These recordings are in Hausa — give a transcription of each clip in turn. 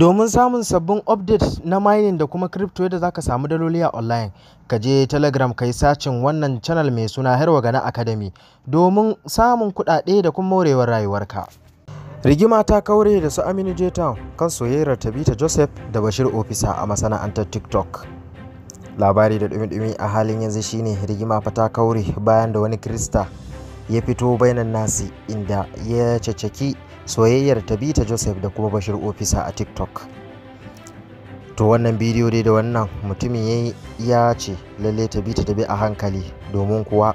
Domin samun sabbin updates na mining da kuma crypto yadda zaka samu daloli a online, ka je Telegram ka yi sacin wannan channel mai suna Harwagana Academy domin samun kuɗaɗe da kuma morewar rayuwarka. Rigima ta kaure da su Aminu J Town kan soyayyar Tabita Joseph da Bashir Ofisa a masana'antar TikTok. Labari da dumi-dumi a halin yanzu shine rigima fa ta kaure bayan da wani Krista ya fito bainan nasi inda ya ceceki soyayyar tabita joseph da kuma bashir ofisa a tiktok to wannan bidiyo dai da wannan mutumin ya ce lalle tabita ta bi a hankali domin kuwa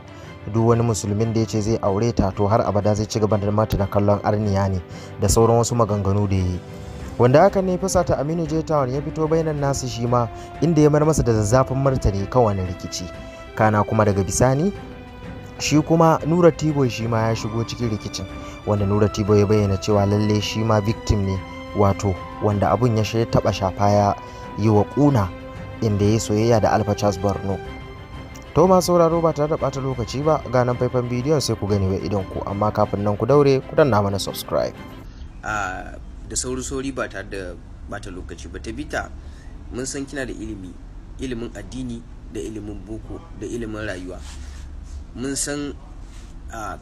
duk wani musulmin da ya ce zai aure ta to har abada zai ci gaba da mata da kallon arniya ne da sauran wasu maganganu da ya yi wanda hakan ne fasa ta aminu j town ya fito bainar nasu shi ma inda ya mar masa da zazzafin martani kan wani rikici kana kuma daga bisani shi kuma nura tibo shi ma ya shigo cikin rikicin wanda nura tibo ya bayyana cewa lalle shi ma victim ne wato wanda abun ya shi taba shafa ya yi wa kuna inda ya soyayya da alfa charles borno to ma sauraro ba tare da bata lokaci ba ga nan faifan bidiyon sai ku gani wa idon ku amma kafin nan ku daure ku danna mana subscribe da sauri sauri ba tare da bata lokaci ba ta bita mun san kina da ilimi ilimin addini da ilimin boko da ilimin rayuwa mun san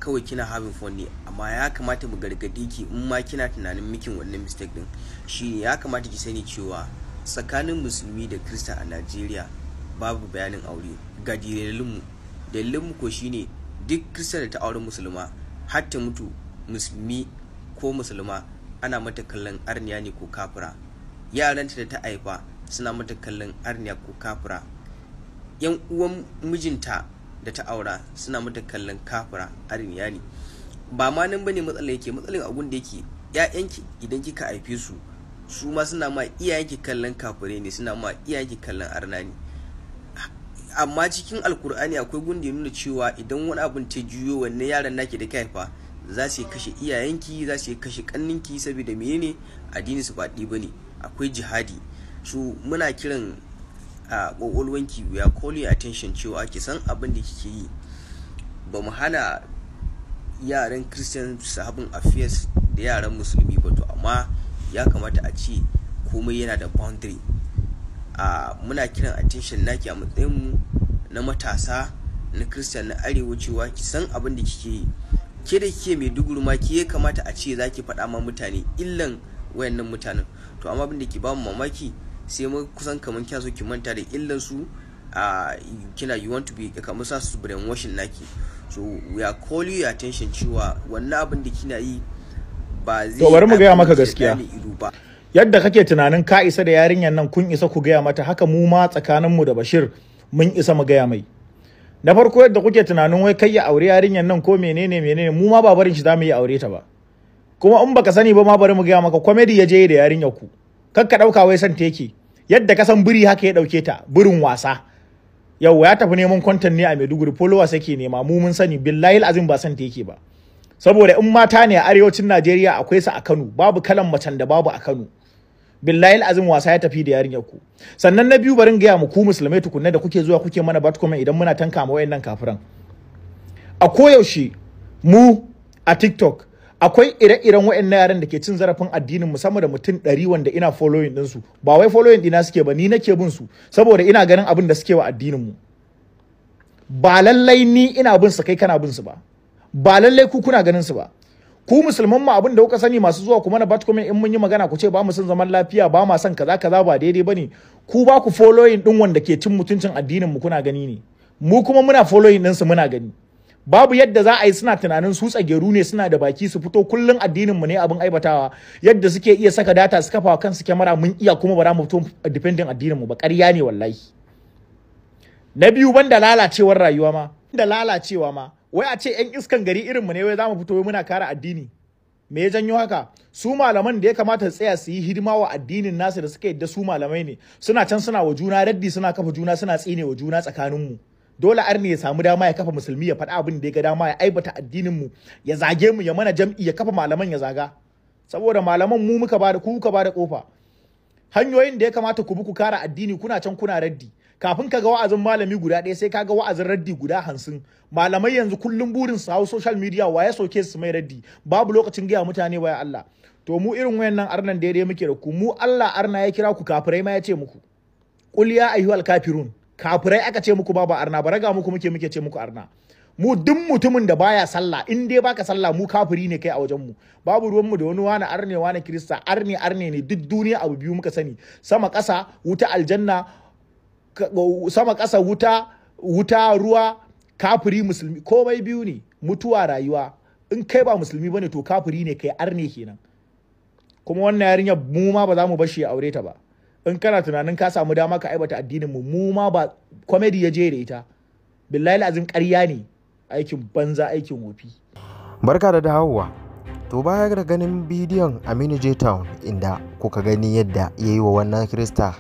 kawai kina having fun ne amma ya kamata mu gargadi ki in ma kina tunanin mikin wannan mistake din shi ya kamata ki sani cewa tsakanin musulmi da kirista a najeriya babu bayanin aure ga dalilinmu dalilinmu ko shine duk kirista da ta aure musulma har ta mutu musulmi ko musulma ana mata kallon arniya ne ko kafira ta da ta haifa suna mata kallon arniya ko kafira yan uwan mijinta da ta aura suna mata kallon kafura. arin ne ba ma nan bane matsalar yake matsalar abun da yake ƴaƴanki idan kika haife su su ma suna ma iyayenki kallon kafure ne suna ma iyayenki kallon arna ne amma cikin alkur'ani akwai gundi nuna cewa idan wani abun ta juyo wanne yaran naki da kaifa za su kashe iyayenki za su kashe kanninki saboda menene addini su ba bane akwai jihadi su muna kiran a ƙwaƙwalwanki we are calling attention cewa kisan san abin da kike yi ba mu hana yaran christian sahabin affairs da yaran musulmi ba to amma ya kamata a ce komai yana da boundary a muna kiran attention naki a matsayin mu na matasa na christian na arewa cewa ki san abin da kike yi ke da kike mai dugurma ke ya kamata a ce zaki faɗa ma mutane illan wayannan mutanen to amma abin da ke bamu mamaki sai mun kusan kaman kya ki manta da illan su kina you want to be kamar sa su washing naki so we are calling your attention cewa wannan abin da kina yi ba zai to bari mu ga maka gaskiya yadda kake tunanin ka isa da yarinyan nan kun isa ku gaya mata haka mu ma tsakaninmu da Bashir mun isa mu gaya mai na farko yadda kuke tunanin wai kai ya aure yarinyan nan ko menene menene mu ma ba barin shi za mu yi aure ta ba kuma in baka sani ba ma bari mu gaya maka comedy ya je da yarinyar ku kakka ɗauka wai son ta yake yadda ka san biri haka ya ɗauke ta birin wasa yau ya tafi neman kwantan ne a Maiduguri followers yake nema mu mun sani billahi azim ba san ta yake ba saboda in mata ne a arewacin Najeriya akwai su a Kano babu kalan macen da babu a Kano billahi azim wasa ya tafi da yarinyar ku sannan na biyu barin gaya mu ku musulmai tukunna da kuke zuwa kuke mana batkomen idan muna tanka ma wayannan kafiran a koyaushe mu a TikTok akwai ire-iren waɗannan yaran da ke cin zarafin addinin musamman da mutum ɗari wanda ina following ɗinsu ba wai following ɗina suke ba ni nake bin su saboda ina ganin abin da suke wa addinin mu ba lallai ni ina bin su kai kana bin su ba ba lallai ku kuna ganin su ba ku musulman mu abin da kuka sani masu zuwa kuma na batcom in mun yi magana ku ce ba mu son zaman lafiya ba ma son kaza kaza ba daidai bane ku ba ku following din wanda ke cin mutuncin addinin mu kuna gani ne mu kuma muna following din su muna gani babu yadda za a yi suna tunanin su tsageru ne suna da baki su fito kullum addinin mu ne abin aibatawa yadda suke iya saka data su kafa kansu kyamara mun iya kuma bara mu fito dependent addinin mu ba ƙarya ne wallahi na biyu banda lalacewar rayuwa ma da lalacewa ma wai a ce yan iskan gari irin mu ne wai za mu fito muna kare addini me ya janyo haka su malaman da ya kamata su tsaya su yi hidima wa addinin nasu da suka yadda su malamai ne suna can suna wa juna raddi suna kafa juna suna tsine wa juna tsakaninmu mu dole arni ya samu dama ya kafa musulmi ya faɗa abin da ya ga dama ya aibata addinin mu ya zage mu ya mana jam'i ya kafa malaman ya zaga saboda malaman mu muka bada ku ba da kofa hanyoyin da ya kamata ku bi ku kara addini kuna can kuna raddi kafin ka ga wa'azin malami guda ɗaya sai ka ga wa'azin raddi guda hamsin malamai yanzu kullum burin su hau social media waye soke su mai raddi babu lokacin gaya mutane waya Allah to mu irin wayannan arnan daidai muke da ku mu Allah arna ya kira ku kafirai ma ya ce muku qul ya ayyuhal kafirun kafirai aka ce muku babu arna ba raga muku muke muke ce muku arna mu duk mutumin da baya sallah in dai baka sallah mu kafiri ne kai a wajen mu babu ruwan mu da wani wani arne wani krista arne arne ne duk duniya abu biyu muka sani sama kasa wuta aljanna sama kasa wuta wuta ruwa kafiri musulmi komai biyu ne mutuwa rayuwa in kai ba musulmi bane to kafiri ne kai arne kenan kuma wannan yarinyar mu ma ba za mu bar shi aure ta ba in kana tunanin ka samu dama ka aibata addinin mu mu ma ba comedy ya je da ita billahi lazim ƙarya ne aikin banza aikin wofi barka da dawowa to baya ga ganin bidiyon Aminu J Town inda kuka gani yadda ya yi wa wannan Krista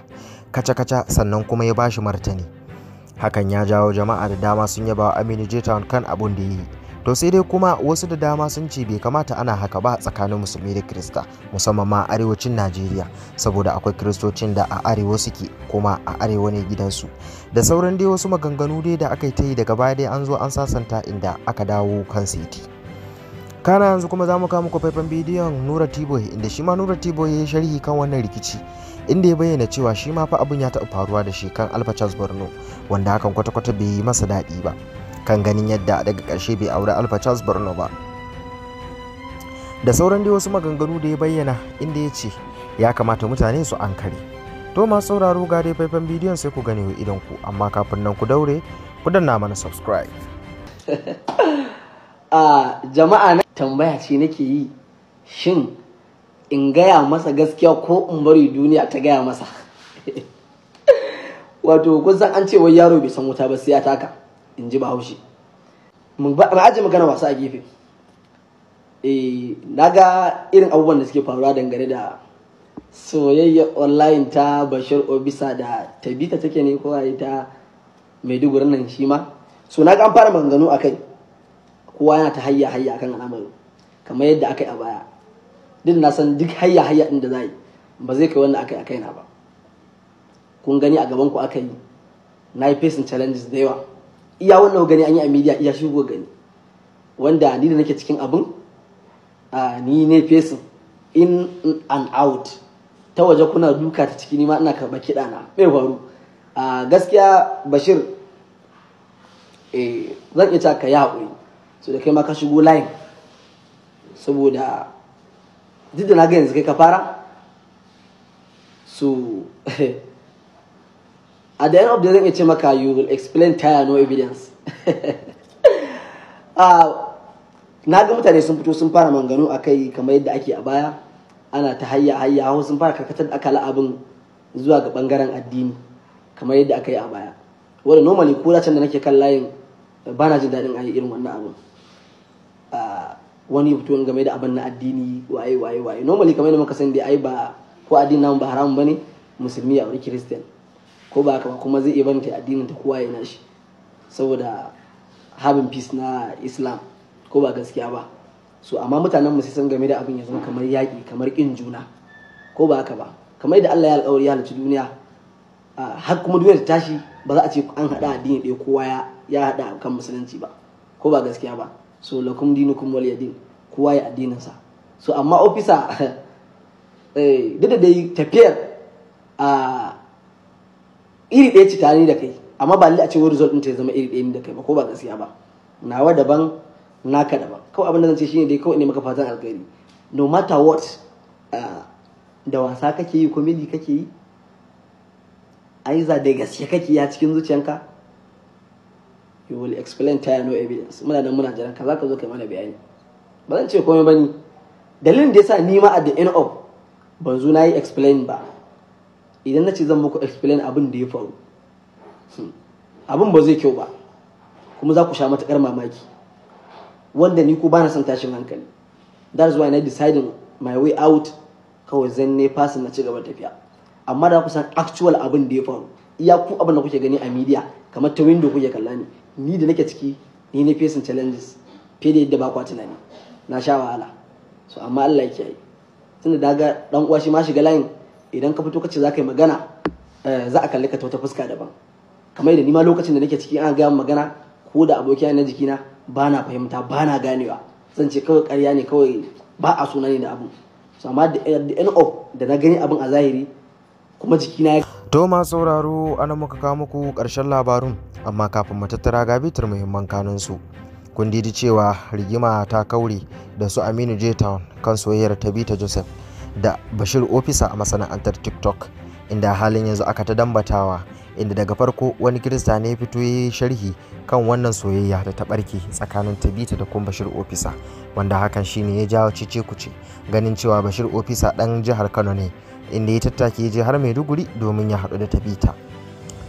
kaca-kaca sannan kuma ya bashi martani hakan ya jawo jama'a da dama sun yaba Aminu J Town kan abun da yi to sai dai kuma wasu da dama sun ce bai kamata ana haka ba tsakanin musulmi da kirista musamman ma arewacin najeriya saboda akwai kiristocin da a arewa suke kuma a arewa ne gidansu da sauran dai wasu maganganu dai da aka yi ta yi daga baya dai an zo an sasanta inda aka dawo kan siti kana yanzu kuma za mu kawo muku faifan bidiyon nura tiboy inda shi ma nura tiboy ya sharhi kan wannan rikici inda ya bayyana cewa shi ma fa abin ya taɓa faruwa da shi kan alfa borno wanda hakan kwata-kwata bai yi masa daɗi ba kan ganin yadda daga ƙarshe bai aure alfa charles borno ba da sauran dai wasu maganganu da ya bayyana inda ya ce ya kamata mutane su ankare to masu sauraro ga dai faifan bidiyon sai ku gane wa idan ku amma kafin nan ku daure ku danna mana subscribe a jama'a na tambaya ce nake yi shin in gaya masa gaskiya ko in bari duniya ta gaya masa wato kun san an ce wai yaro bai san wuta ba sai ya taka in ji bahaushe na ajiye magana wasu a gefe eh, na ga irin abubuwan da suke faruwa dangane da soyayya online ta bashir obisa da tabita take ne ko ta maiduguri nan shi ma so na ga an fara maganganu a kai kowa yana ta hayya hayya akan al'amarin kamar yadda aka yi a baya duk na san duk hayya hayya din da za yi ba zai kai wanda aka yi a kaina ba kun gani a gaban ku aka yi na yi facing challenges da yawa iya wannan gani an yi a media iya shigo gani wanda ni da nake cikin abin ni ne fesin in and out ta waje kuna duka ta ciki nima ina karɓar kiɗa na mai faru gaskiya bashir eh, zan iya ka yi haƙuri so da kai ma ka shigo layin saboda duk da na ga yanzu kai ka fara so at the end of the day zan iya ce maka you will explain tire no evidence ah, na ga mutane sun fito sun fara manganu a kai kamar yadda ake a baya ana ta hayya hayya hau sun fara karkatar da akala abin zuwa ga bangaren addini kamar yadda aka yi a baya wanda normally ko can da nake kan layin ba na jin daɗin ayi irin wannan abin ah, wani fito game da abin na addini waye waye waye normally kamar yadda muka san dai ai ba ko addinin namu ba haramun ne musulmi a wani christian ko ba haka ba kuma zai iya barinta addinin ta kowa yana shi saboda habin peace na islam ko ba gaskiya ba so amma mutanen mu sai san game da abin ya zama kamar yaƙi kamar ƙin juna ko ba haka ba kamar da Allah ya alƙawari ya halicci duniya har kuma duniya ta tashi ba za a ce an haɗa addini ɗaya kowa ya haɗa kan musulunci ba ko ba gaskiya ba so lakum dinukum wal yadin kowa ya addinin sa so amma ofisa eh, duk da dai tafiyar a iri ɗaya ce tare da kai amma ba a ce wani result ta ya zama iri ɗaya da kai ba ko ba gaskiya ba nawa daban naka daban kawai abin da zan ce shine dai kawai ne maka fatan alkhairi no matter what da wasa kake yi komedi kake yi aiza da gaske kake yi a cikin zuciyanka you will explain ta no evidence muna nan muna jiran ka zaka zo kai mana bayani ba zan ce komai bane dalilin da yasa ni ma at the end of ban zo na yi explain ba idan na ce zan muku explain abin da ya faru hmm, abin ba zai kyau ba kuma za ku sha matakar mamaki wanda ni ko bana son tashin hankali that is why na deciding my way out kawai zan ne fasin na ci gaba tafiya amma da ku san actual abin da ya faru iya ku abin da kuke gani a media kamar ta window kuke kalla ni ni da nake ciki ni ne fesin challenges fiye da yadda ba tunani na sha wahala so amma Allah ya kiyaye tunda daga dan uwa shi ma shiga line. idan ka fito kace za ka yi magana eh, za a kalli ka ta wata fuska daban kamar da ni ma lokacin da nake ciki an gaya magana ko da abokiya na jikina ba na fahimta ba na ganewa zan ce kawai karya ne kawai ba a suna ne da abu so amma da end of da na gani abin a zahiri kuma jikina ya to ma sauraro ana muka kawo muku karshen labarun amma kafin mu tattara ga bitar muhimman kanun su kun didi cewa rigima ta kaure da su Aminu J Town kan soyayyar Tabita Joseph da bashir ofisa a masana'antar tiktok inda halin yanzu aka ta dambatawa inda daga farko wani kirista ne fito ya sharhi kan wannan soyayya da ta barke tsakanin tabita da kuma bashir ofisa wanda hakan ne ya jawo cice kuce ganin cewa bashir ofisa dan jihar kano ne inda ya tattake ya je har maiduguri domin ya haɗu da tabita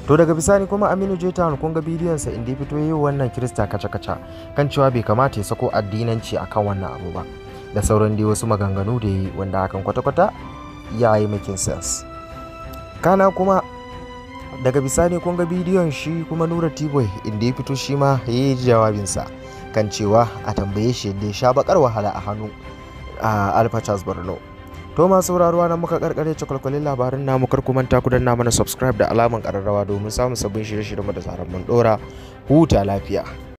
to daga bisani kuma aminu Jeta kun ga bidiyonsa inda ya fito ya yi wannan kirista kaca-kaca kan cewa bai kamata ya sako addinanci akan wannan abu ba da sauran dai wasu maganganu da yi wanda hakan kwata-kwata ya yi making sense kana kuma daga bisani kun ga bidiyon shi kuma nura tiboy inda ya fito shi ma ya yi jawabinsa kan cewa a tambaye shi da ya sha bakar wahala a hannu a alfa charles borno to masu sauraro na muka karkare cikwalkwalin labarin namu kar kuma ta ku mana subscribe da alaman kararrawa domin samun sabbin shirye-shiryen da zaran mun dora huta lafiya